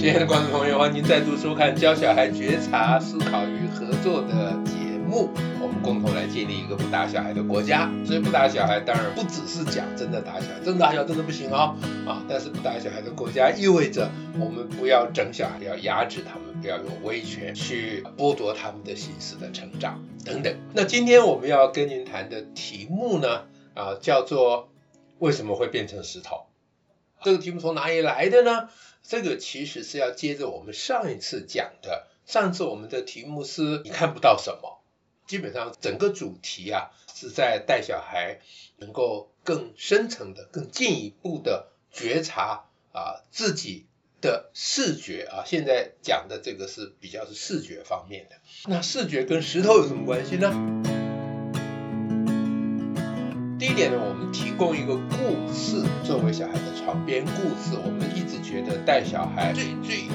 親愛的觀眾朋友，歡迎您再度收看《教小孩覺察、思考與合作》的節目。我們共同來建立一個不打小孩的國家。所以，不打小孩當然不只是講真的打小孩，真的打小孩真的不行哦。啊，但是不打小孩的國家意味着我們不要整小孩，要壓制他們，不要用威權去剝奪他們的心思的成長等等。那今天我們要跟您談的題目呢，啊，叫做為什麼會變成石頭？這個題目從哪裡來的呢？這個其實是要接着我們上一次講的，上次我們的題目是你看不到什麼，基本上整個主題啊，是在帶小孩能夠更深層的、更進一步的覺察啊、呃、自己的視覺啊、呃，現在講的這個是比較是視覺方面的，那視覺跟石頭有什麼關係呢？第一點呢，我們提供一個故事作為小孩的床邊故事。我們一直覺得帶小孩最最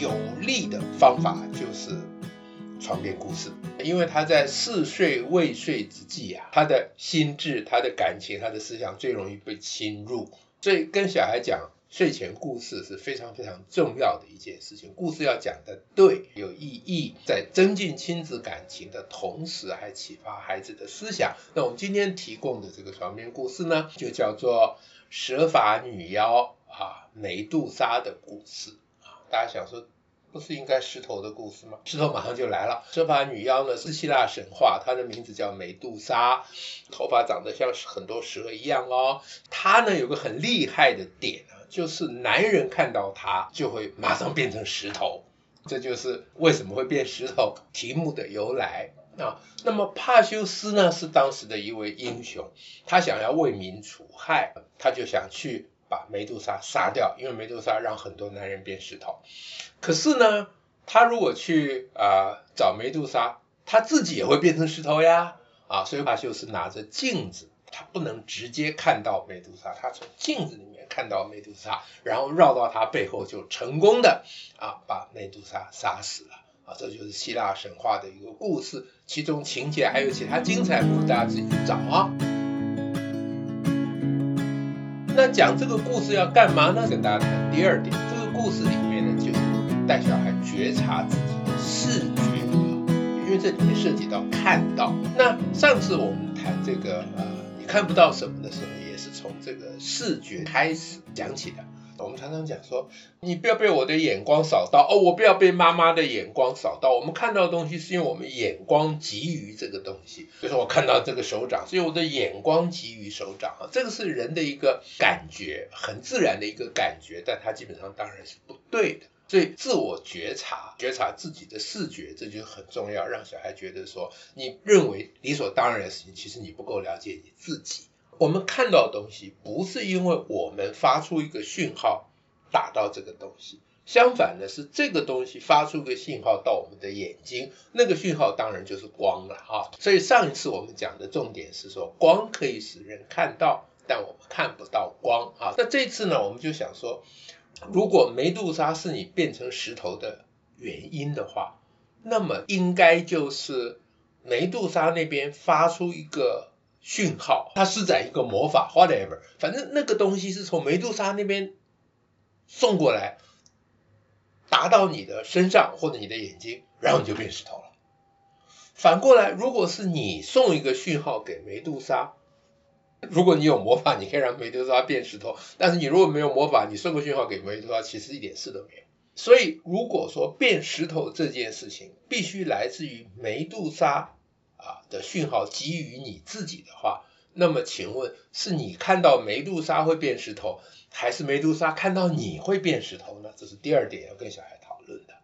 有力的方法就是床邊故事，因為他在似睡未睡之際啊，他的心智、他的感情、他的思想最容易被侵入，所以跟小孩講。睡前故事是非常非常重要的一件事情，故事要講得對，有意義，在增進親子感情的同時，還啟發孩子的思想。那我們今天提供的這個床邊故事呢，就叫做蛇髮女妖啊，梅杜莎的故事啊。大家想說，不是應該石頭的故事嗎？石頭馬上就來了。蛇髮女妖呢是希臘神話，她的名字叫梅杜莎，頭髮長得像很多蛇一樣哦。她呢有個很厲害的點。就是男人看到她就會馬上變成石頭，這就是為什麼會變石頭題目的由來啊。那麼帕修斯呢是當時的一位英雄，他想要為民除害，他就想去把梅杜莎殺掉，因為梅杜莎讓很多男人變石頭。可是呢，他如果去啊找梅杜莎，他自己也會變成石頭呀啊，所以帕修斯拿着鏡子。他不能直接看到梅杜莎，他從鏡子裡面看到梅杜莎，然後繞到他背後就成功的啊把梅杜莎殺死了啊，這就是希臘神話的一個故事，其中情節還有其他精彩部分，大家自己去找啊。那講這個故事要幹嘛呢？跟大家談第二點，這個故事裡面呢就是帶小孩覺察自己的視覺，因為這裡面涉及到看到。那上次我們談這個呃看不到什麼的時候，也是從這個視覺開始講起的。我們常常講說，你不要被我的眼光掃到哦，我不要被媽媽的眼光掃到。我們看到的東西是因為我們眼光及於這個東西，就是我看到這個手掌，所以我的眼光及於手掌。啊，這個是人的一個感覺，很自然的一個感覺，但它基本上當然是不對的。所以自我覺察、覺察自己的視覺，這就很重要，讓小孩覺得說，你認為理所當然的事情，其實你不夠了解你自己。我們看到的東西，不是因為我們發出一個訊號打到這個東西，相反的是這個東西發出個信號到我們的眼睛，那個訊號當然就是光了、啊、哈、啊。所以上一次我們講的重點是說，光可以使人看到，但我們看不到光啊。那這次呢，我們就想說。如果梅杜莎是你變成石頭的原因的話，那麼應該就是梅杜莎那邊發出一個訊號，它施展一個魔法，whatever，反正那個東西是從梅杜莎那邊送過來，打到你的身上或者你的眼睛，然後你就變石頭了。反過來，如果是你送一個訊號給梅杜莎。如果你有魔法，你可以讓梅杜莎變石頭。但是你如果沒有魔法，你送個訊號給梅杜莎，其實一點事都沒有。所以如果說變石頭這件事情必須來自於梅杜莎啊的訊號給予你自己的話，那麼請問是你看到梅杜莎會變石頭，還是梅杜莎看到你會變石頭呢？這是第二點要跟小孩討論的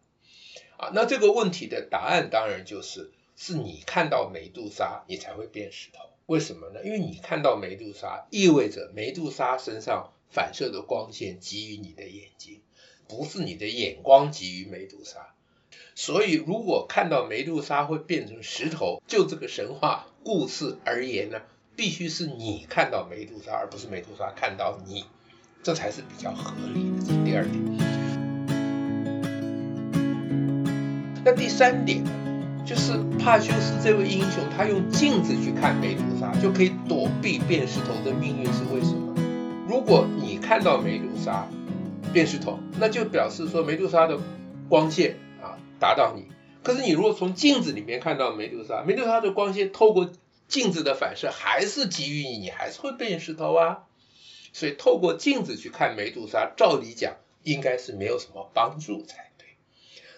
啊。那這個問題的答案當然就是，是你看到梅杜莎，你才會變石頭。為什麼呢？因為你看到梅杜莎，意味着梅杜莎身上反射的光線給予你的眼睛，不是你的眼光給予梅杜莎。所以，如果看到梅杜莎會變成石頭，就這個神話故事而言呢，必須是你看到梅杜莎，而不是梅杜莎看到你，這才是比較合理的。這是第二點。那第三點呢。就是帕修斯這位英雄，他用鏡子去看梅杜莎就可以躲避變石頭的命運，是為什麼？如果你看到梅杜莎、嗯、變石頭，那就表示說梅杜莎的光線啊打到你。可是你如果從鏡子裡面看到梅杜莎，梅杜莎的光線透過鏡子的反射還是及於你，你還是會變石頭啊。所以透過鏡子去看梅杜莎，照理講應該是沒有什麼幫助才對。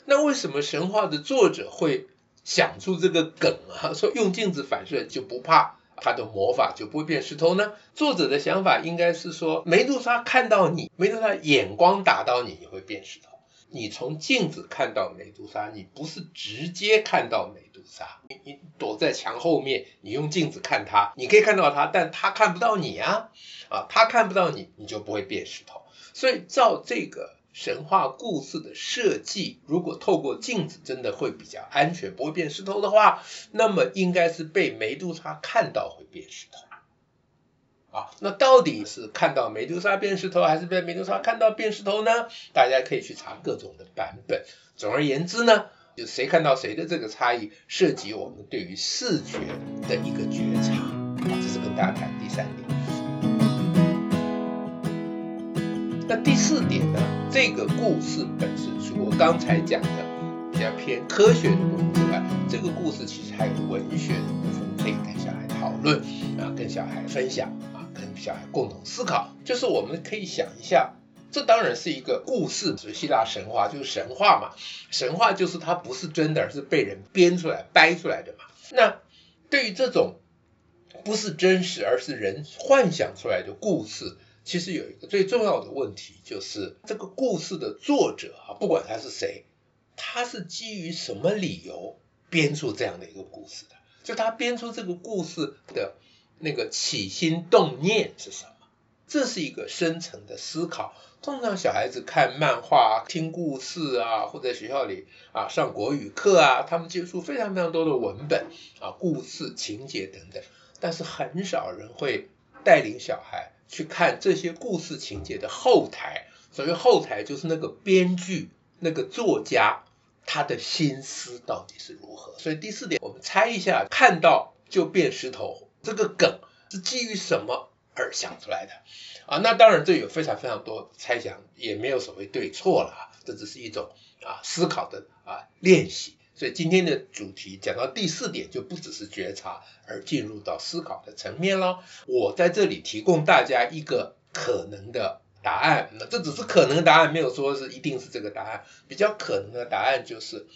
那為什麼神話的作者會想出這個梗啊，說用鏡子反射就不怕，他的魔法就不會變石頭呢？作者的想法應該是說，梅杜莎看到你，梅杜莎眼光打到你，你會變石頭。你從鏡子看到梅杜莎，你不是直接看到梅杜莎，你躲在牆後面，你用鏡子看她，你可以看到她，但她看不到你啊，啊，她看不到你，你就不會變石頭。所以照這個。神話故事的設計，如果透過鏡子真的會比較安全，不會變石頭的話，那麼應該是被梅杜莎看到會變石頭。啊，那到底是看到梅杜莎變石頭，還是被梅杜莎看到變石頭呢？大家可以去查各種的版本。總而言之呢，就誰看到誰的這個差異，涉及我們對於視覺的一個覺察。啊，這是跟大家談第三點。那第四點呢？這個故事本身除了剛才講的比較偏科學的部分之外，這個故事其實還有文學的部分，可以跟小孩討論啊，跟小孩分享啊，跟小孩共同思考。就是我們可以想一下，這當然是一個故事，是希臘神話，就是神話嘛。神話就是它不是真的，而是被人編出來、掰出來的嘛。那對於這種不是真實，而是人幻想出來的故事。其實有一個最重要的問題，就是這個故事的作者啊，不管他是誰，他是基於什麼理由編出這樣的一個故事的？就他編出這個故事的那個起心動念是什麼？這是一個深層的思考。通常小孩子看漫畫、聽故事啊，或者在學校裡啊上國語課啊，他們接觸非常非常多的文本啊、故事情節等等，但是很少人會帶領小孩，去看這些故事情節的後台，所謂後台就是那個編劇、那個作家他的心思到底是如何。所以第四點，我們猜一下，看到就變石頭，這個梗是基於什麼而想出來的啊？那當然，這有非常非常多猜想，也沒有所謂對錯了，啊，這只是一種啊思考的啊練習。所以今天的主題講到第四點，就不只是覺察，而進入到思考的層面了。我在這裡提供大家一個可能的答案，那這只是可能答案，沒有說是一定是這個答案。比較可能的答案就是，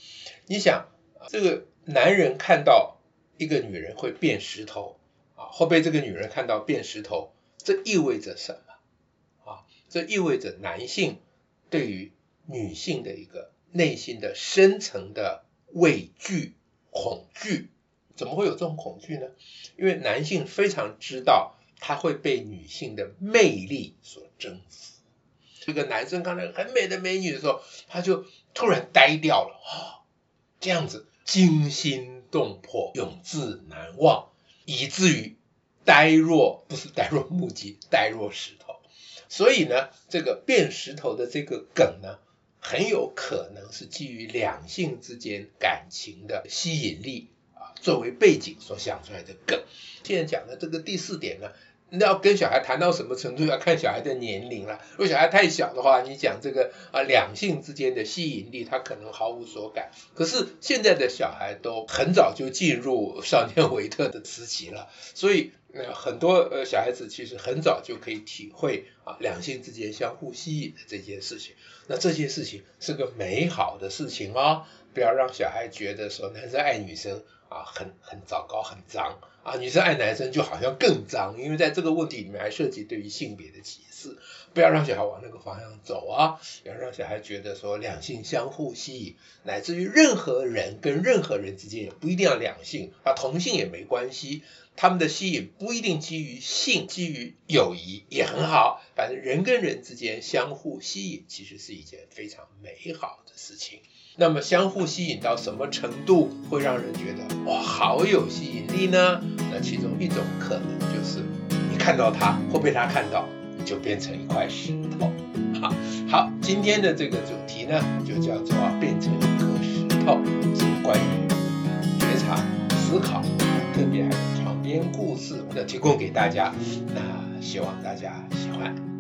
你想這個男人看到一個女人會變石頭，啊，或被這個女人看到變石頭，這意味着什麼？啊，這意味着男性對於女性的一個內心的深層的。畏懼、恐懼，怎麼會有這種恐懼呢？因為男性非常知道，他會被女性的魅力所征服。這個男生看到很美的美女的時候，他就突然呆掉了，哦，這樣子，驚心動魄，永志難忘，以至於呆若不是呆若木雞，呆若石頭。所以呢，這個變石頭的這個梗呢。很有可能是基於兩性之間感情的吸引力啊，作為背景所想出來的梗。現在講的這個第四點呢，你要跟小孩談到什麼程度，要看小孩的年齡了啊。如果小孩太小的話，你講這個啊兩性之間的吸引力，他可能毫無所感。可是現在的小孩都很早就進入少年維特的時期了，所以。那很多呃小孩子其實很早就可以體會啊，兩性之間相互吸引的這件事情。那這件事情是個美好的事情哦，不要讓小孩覺得說男生愛女生啊，很很糟糕，很髒啊，女生愛男生就好像更髒，因為在這個問題裡面還涉及對於性別的歧視。不要讓小孩往那個方向走啊，要讓小孩覺得說兩性相互吸引，乃至於任何人跟任何人之間也不一定要兩性啊，同性也沒關係。他們的吸引不一定基於性，基於友誼也很好。反正人跟人之間相互吸引，其實是一件非常美好的事情。那麼相互吸引到什麼程度會讓人覺得哇、哦、好有吸引力呢？那其中一種可能就是，你看到他，或被他看到，就變成一塊石頭。好，今天的這個主題呢，就叫做、啊、變成一顆石頭，是、這個、關於覺察思考，特別還。編故事，我要提供給大家，那希望大家喜歡。